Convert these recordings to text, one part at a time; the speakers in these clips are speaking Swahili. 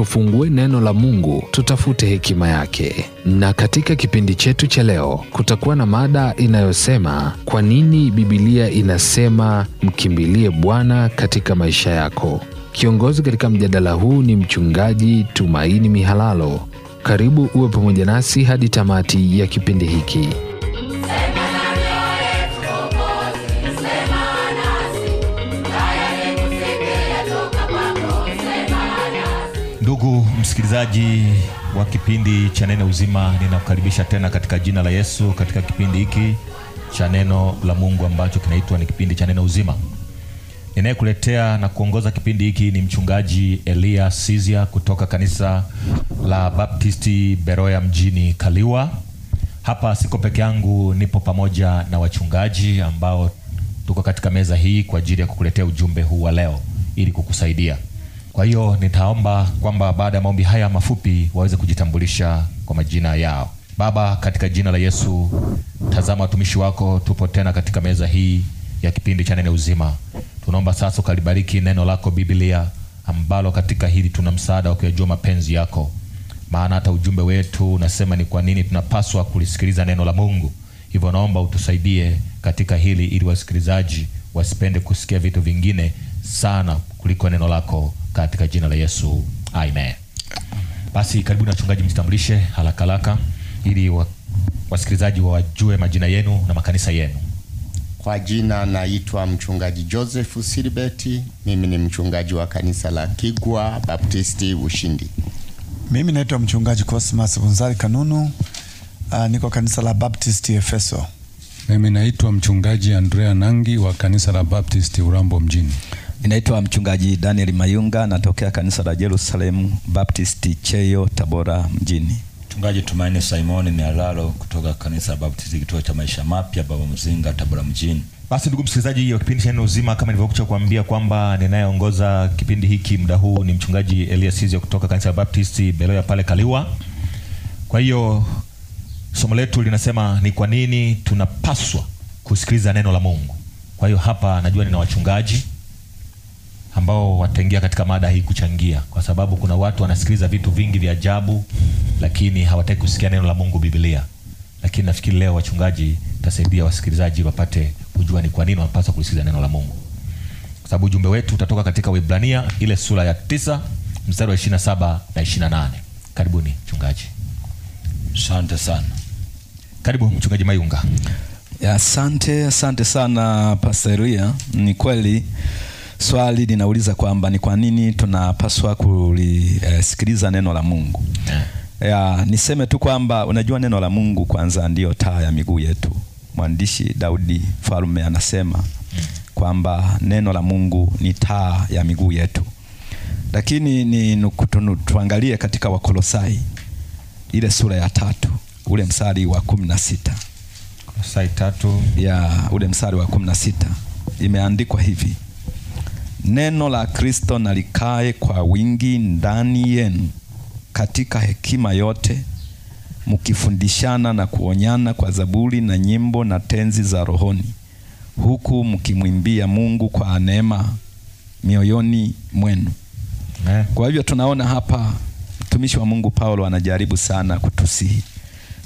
tufungue neno la Mungu, tutafute hekima yake. Na katika kipindi chetu cha leo kutakuwa na mada inayosema kwa nini Biblia inasema mkimbilie Bwana katika maisha yako. Kiongozi katika mjadala huu ni Mchungaji Tumaini Mihalalo. Karibu uwe pamoja nasi hadi tamati ya kipindi hiki. msikilizaji wa kipindi cha neno uzima, ninakukaribisha tena katika jina la Yesu katika kipindi hiki cha neno la Mungu ambacho kinaitwa ni kipindi cha neno uzima. Ninayekuletea na kuongoza kipindi hiki ni mchungaji Elia Sizia kutoka kanisa la Baptisti Beroya mjini Kaliwa. Hapa siko peke yangu, nipo pamoja na wachungaji ambao tuko katika meza hii kwa ajili ya kukuletea ujumbe huu wa leo ili kukusaidia kwa hiyo nitaomba kwamba baada ya maombi haya mafupi waweze kujitambulisha kwa majina yao. Baba, katika jina la Yesu, tazama watumishi wako, tupo tena katika meza hii ya kipindi cha neno uzima. Tunaomba sasa ukalibariki neno lako Biblia, ambalo katika hili tuna msaada wa kuyajua mapenzi yako, maana hata ujumbe wetu unasema ni kwa nini tunapaswa kulisikiliza neno la Mungu. Hivyo naomba utusaidie katika hili, ili wasikilizaji wasipende kusikia vitu vingine sana kuliko neno lako katika jina la Yesu amen. Basi karibu na wachungaji, mjitambulishe haraka haraka ili wa, wasikilizaji wajue majina yenu na makanisa yenu. Kwa jina naitwa mchungaji Joseph Silibeti, mimi ni mchungaji wa kanisa la Kigwa Baptisti Ushindi. Mimi naitwa mchungaji Cosmas Bunzari Kanunu, uh, niko kanisa la Baptist Efeso. Mimi naitwa mchungaji Andrea Nangi wa kanisa la Baptist Urambo mjini. Ninaitwa mchungaji Daniel Mayunga, natokea kanisa la Jerusalem Baptist Cheyo, Tabora mjini. Mchungaji Tumaini Simon Mialalo kutoka kanisa Baptist kituo cha maisha mapya, Baba Mzinga, Tabora mjini. Basi ndugu msikilizaji wa kipindi cha Neno Uzima, kama nilivyokucha kuambia kwamba ninayeongoza kipindi hiki muda huu ni mchungaji Elias Sizio kutoka kanisa la Baptist Beloya pale Kaliwa. Kwa hiyo somo letu linasema ni kwa nini tunapaswa kusikiliza neno la Mungu. Kwa hiyo hapa najua nina wachungaji ambao wataingia katika mada hii kuchangia, kwa sababu kuna watu wanasikiliza vitu vingi vya ajabu, lakini hawataki kusikia neno la Mungu, Biblia. Lakini nafikiri leo wachungaji tasaidia wasikilizaji wapate kujua ni kwa nini wanapaswa kusikiliza neno la Mungu, kwa sababu ujumbe wetu utatoka katika Waebrania ile sura ya tisa mstari wa 27 na 28. Karibuni mchungaji. Asante sana. Karibu mchungaji Mayunga. Asante, asante sana Pastor Pastoria, ni kweli swali linauliza kwamba ni kwa nini tunapaswa kulisikiliza eh, neno la Mungu yeah. Yeah, niseme tu kwamba unajua neno la Mungu kwanza ndiyo taa ya miguu yetu. Mwandishi Daudi Falme anasema kwamba neno la Mungu ni taa ya miguu yetu, lakini ni tuangalie katika Wakolosai ile sura ya tatu ule msari wa kumi na sita Kolosai tatu ya ule msari wa kumi na sita imeandikwa hivi neno la Kristo na kwa wingi ndani yenu katika hekima yote, mkifundishana na kuonyana kwa zaburi na nyimbo na tenzi za rohoni, huku mkimwimbia Mungu kwa neema mioyoni mwenu. Kwa hivyo tunaona hapa mtumishi wa Mungu Paulo anajaribu sana kutusihi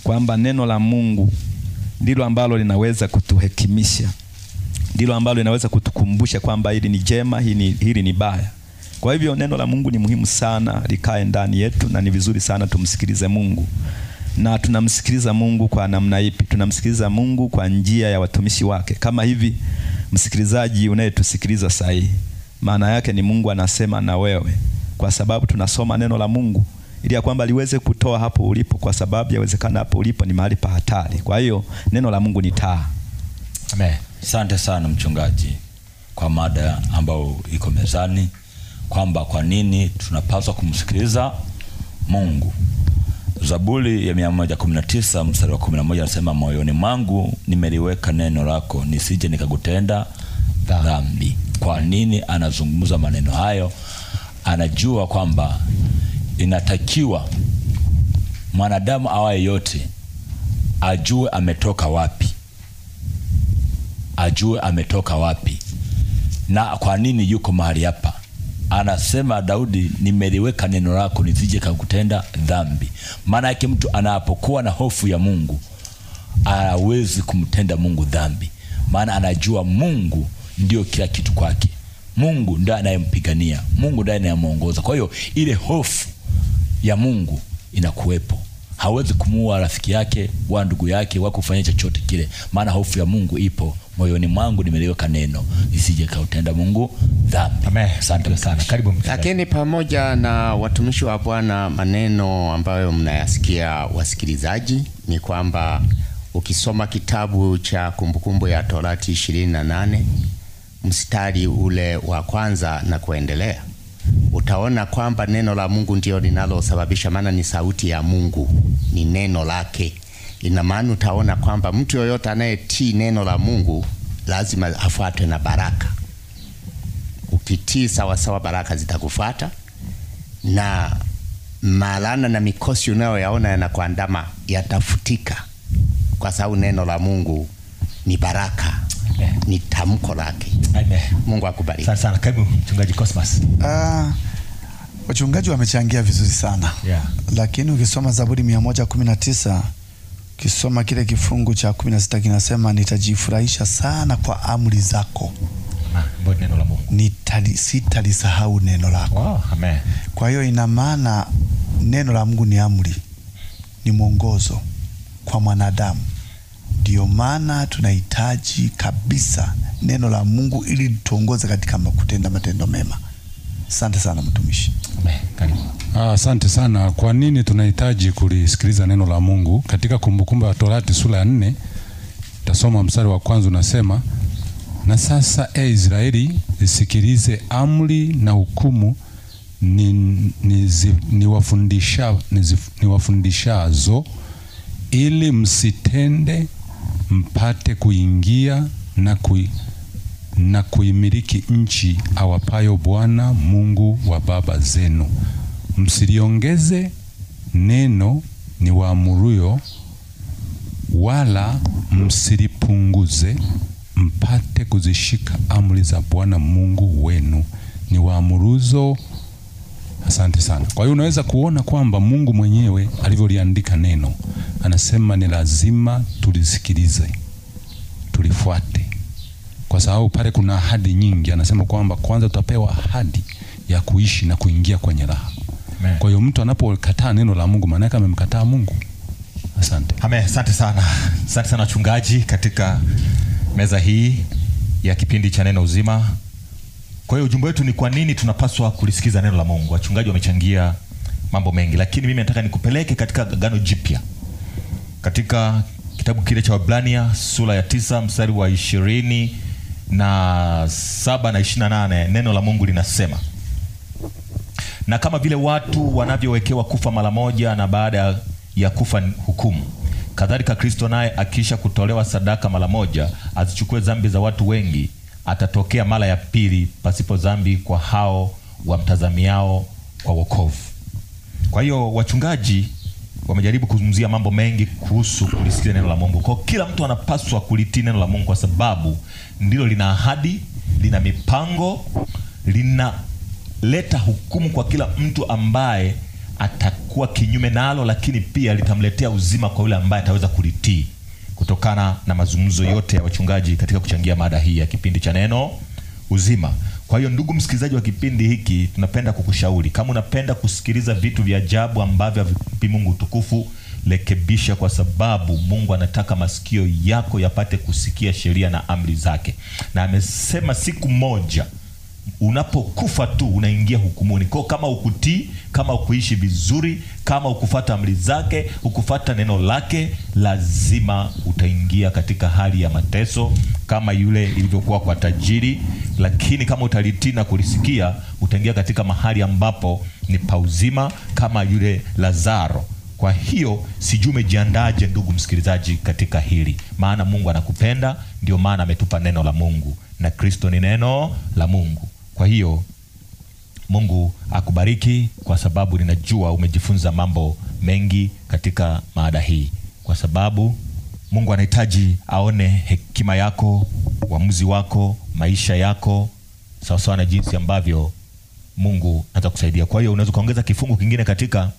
kwamba neno la Mungu ndilo ambalo linaweza kutuhekimisha ndilo ambalo linaweza kutukumbusha kwamba hili ni jema, hili ni baya. Kwa hivyo neno la Mungu ni muhimu sana likae ndani yetu, na ni vizuri sana tumsikilize Mungu. Na tunamsikiliza Mungu kwa namna ipi? Tunamsikiliza Mungu kwa njia ya watumishi wake, kama hivi msikilizaji unayetusikiliza sasa hivi. Maana yake ni Mungu anasema na wewe, kwa sababu tunasoma neno la Mungu ili ya kwamba liweze kutoa hapo ulipo, kwa sababu yawezekana hapo ulipo ni mahali pa hatari. Kwa hiyo neno la Mungu ni taa. Amen. Asante sana mchungaji kwa mada ambayo iko mezani kwamba kwa nini tunapaswa kumsikiliza Mungu. Zaburi ya 119 mstari wa 11 anasema, moyoni mwangu nimeliweka neno lako, nisije nikakutenda dhambi. Kwa nini anazungumza maneno hayo? Anajua kwamba inatakiwa mwanadamu awaye yote ajue ametoka wapi ajue ametoka wapi na kwa nini yuko mahali hapa. Anasema Daudi, nimeliweka neno lako nisije kakutenda dhambi. Maana yake mtu anapokuwa na hofu ya Mungu hawezi kumtenda Mungu dhambi, maana anajua Mungu ndio kila kitu kwake. Mungu ndiye anayempigania, Mungu ndiye anayemuongoza. Kwa hiyo ile hofu ya Mungu inakuwepo. Hawezi kumuua rafiki yake wa ndugu yake wa kufanya chochote kile, maana hofu ya Mungu ipo moyoni mwangu nimeliweka neno isije kautenda Mungu dhambi. Asante sana. Karibu. Lakini pamoja na watumishi wa Bwana, maneno ambayo mnayasikia wasikilizaji, ni kwamba ukisoma kitabu cha Kumbukumbu ya Torati ishirini na nane mstari ule wa kwanza na kuendelea, utaona kwamba neno la Mungu ndio linalosababisha, maana ni sauti ya Mungu, ni neno lake Ina maana utaona kwamba mtu yoyote anayetii neno la Mungu lazima afuatwe na baraka. Ukitii sawasawa, baraka zitakufuata na malana na mikosi unayoyaona yanakuandama yatafutika, kwa sababu neno la Mungu ni baraka. Amen. Ni tamko lake. Amen. Mungu akubariki. Sana sana. Karibu mchungaji Cosmas. Ah, wachungaji wamechangia vizuri sana. Yeah. Lakini ukisoma Zaburi 119 Kisoma kile kifungu cha kumi na sita kinasema nitajifurahisha sana kwa amri zako sitalisahau neno lako. Wow, amen. Kwa hiyo ina maana neno la Mungu ni amri, ni mwongozo kwa mwanadamu. Ndiyo maana tunahitaji kabisa neno la Mungu ili lituongoze katika kutenda matendo mema. Asante sana mtumishi. Amen. Asante sana. Kwa nini tunahitaji kulisikiliza neno la Mungu? Katika Kumbukumbu ya Torati sura ya nne tasoma mstari wa kwanza unasema, na sasa e Israeli, sikilize amri na hukumu ni, ni, niwafundishazo ni, ni ili msitende mpate kuingia na, kui, na kuimiliki nchi awapayo Bwana Mungu wa baba zenu msiliongeze neno ni waamuruyo, wala msilipunguze, mpate kuzishika amri za Bwana Mungu wenu ni waamuruzo. Asante sana. Kwa hiyo unaweza kuona kwamba Mungu mwenyewe alivyoliandika neno, anasema ni lazima tulisikilize, tulifuate, kwa sababu pale kuna ahadi nyingi. Anasema kwamba kwanza tutapewa ahadi ya kuishi na kuingia kwenye raha kwa hiyo mtu anapokataa neno la Mungu maana yake amemkataa Mungu. Asante. Amen. Asante sana, asante sana wachungaji katika meza hii ya kipindi cha neno uzima. Kwa hiyo ujumbe wetu ni kwa nini tunapaswa kulisikiza neno la Mungu. Wachungaji wamechangia mambo mengi, lakini mimi nataka nikupeleke katika Agano Jipya, katika kitabu kile cha Waebrania sura ya tisa mstari wa ishirini na saba na ishirini na nane neno la Mungu linasema na kama vile watu wanavyowekewa kufa mara moja na baada ya kufa hukumu, kadhalika Kristo naye akiisha kutolewa sadaka mara moja azichukue dhambi za watu wengi, atatokea mara ya pili pasipo dhambi kwa hao wamtazamiao kwa wokovu. Kwa hiyo wachungaji wamejaribu kuzungumzia mambo mengi kuhusu kulisikia neno la Mungu. Kwa kila mtu anapaswa kulitii neno la Mungu kwa sababu ndilo lina ahadi, lina mipango, lina leta hukumu kwa kila mtu ambaye atakuwa kinyume nalo, lakini pia litamletea uzima kwa yule ambaye ataweza kulitii. Kutokana na mazungumzo yote ya wachungaji katika kuchangia mada hii ya kipindi cha Neno Uzima. Kwa hiyo ndugu msikilizaji wa kipindi hiki, tunapenda kukushauri kama unapenda kusikiliza vitu vya ajabu ambavyo havipi Mungu utukufu, rekebisha, kwa sababu Mungu anataka masikio yako yapate kusikia sheria na amri zake, na amesema siku moja unapokufa tu unaingia hukumuni. Kwa kama ukutii, kama ukuishi vizuri, kama ukufata amri zake, ukufata neno lake, lazima utaingia katika hali ya mateso kama yule ilivyokuwa kwa tajiri. Lakini kama utalitii na kulisikia, utaingia katika mahali ambapo ni pauzima kama yule Lazaro. Kwa hiyo sijui umejiandaje, ndugu msikilizaji, katika hili, maana Mungu anakupenda. Ndio maana ametupa neno la Mungu, na Kristo ni neno la Mungu. Kwa hiyo Mungu akubariki kwa sababu ninajua umejifunza mambo mengi katika maada hii, kwa sababu Mungu anahitaji aone hekima yako, uamuzi wako, maisha yako sawasawa na jinsi ambavyo Mungu anaweza kusaidia. Kwa hiyo unaweza ukaongeza kifungu kingine katika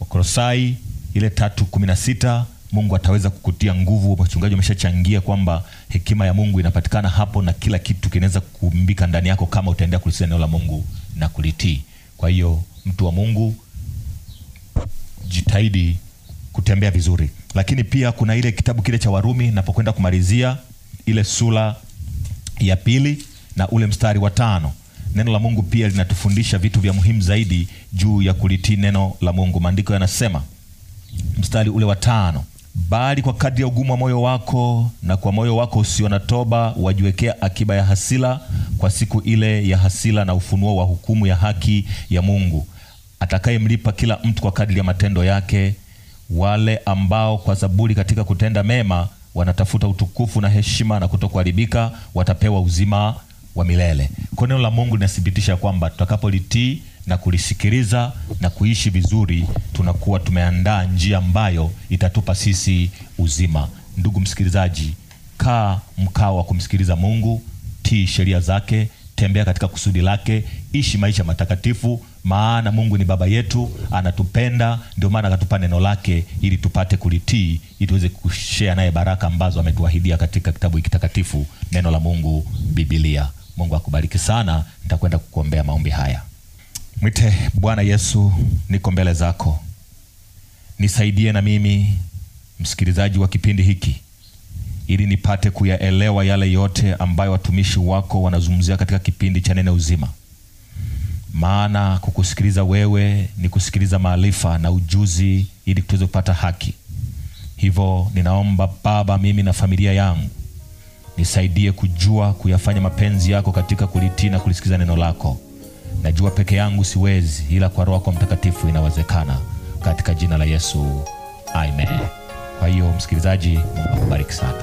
Wakolosai ile tatu kumi na sita Mungu ataweza kukutia nguvu. Wachungaji wameshachangia kwamba hekima ya Mungu inapatikana hapo na kila kitu kinaweza kumbika ndani yako kama utaendea kulisia neno la Mungu na kulitii. Kwa hiyo mtu wa Mungu, jitahidi kutembea vizuri, lakini pia kuna ile kitabu kile cha Warumi napokwenda kumalizia ile sura ya pili na ule mstari wa tano neno la Mungu pia linatufundisha vitu vya muhimu zaidi juu ya kulitii neno la Mungu. Maandiko yanasema mstari ule wa tano, bali kwa kadri ya ugumu wa moyo wako na kwa moyo wako usio na toba wajiwekea akiba ya hasila kwa siku ile ya hasila na ufunuo wa hukumu ya haki ya Mungu, atakayemlipa kila mtu kwa kadri ya matendo yake. Wale ambao kwa zaburi katika kutenda mema wanatafuta utukufu na heshima na kutokuharibika watapewa uzima wa milele. Kwa neno la Mungu linathibitisha kwamba tutakapolitii na kulisikiliza na kuishi vizuri, tunakuwa tumeandaa njia ambayo itatupa sisi uzima. Ndugu msikilizaji, kaa mkao wa kumsikiliza Mungu, tii sheria zake, tembea katika kusudi lake, ishi maisha matakatifu, maana Mungu ni baba yetu, anatupenda. Ndio maana akatupa neno lake ili tupate kulitii, ili tuweze kushea naye baraka ambazo ametuahidia katika kitabu hiki takatifu, neno la Mungu, Biblia. Mungu akubariki sana. Nitakwenda kukuombea maombi haya mwite Bwana Yesu, niko mbele zako, nisaidie na mimi msikilizaji wa kipindi hiki, ili nipate kuyaelewa yale yote ambayo watumishi wako wanazungumzia katika kipindi cha Neno Uzima, maana kukusikiliza wewe ni kusikiliza maarifa na ujuzi, ili tuweze kupata haki. Hivyo ninaomba Baba, mimi na familia yangu nisaidie kujua kuyafanya mapenzi yako katika kulitii na kulisikiza neno lako Najua peke yangu siwezi, ila kwa Roho kwa Mtakatifu inawezekana, katika jina la Yesu, amen. Kwa hiyo msikilizaji, Mungu akubariki sana.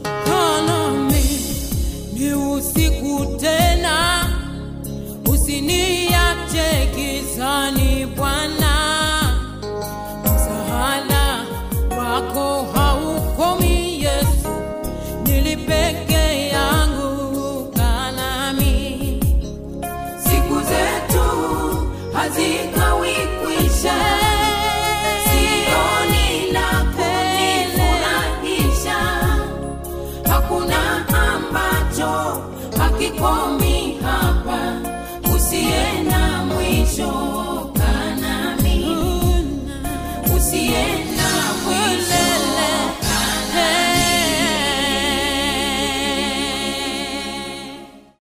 Azito.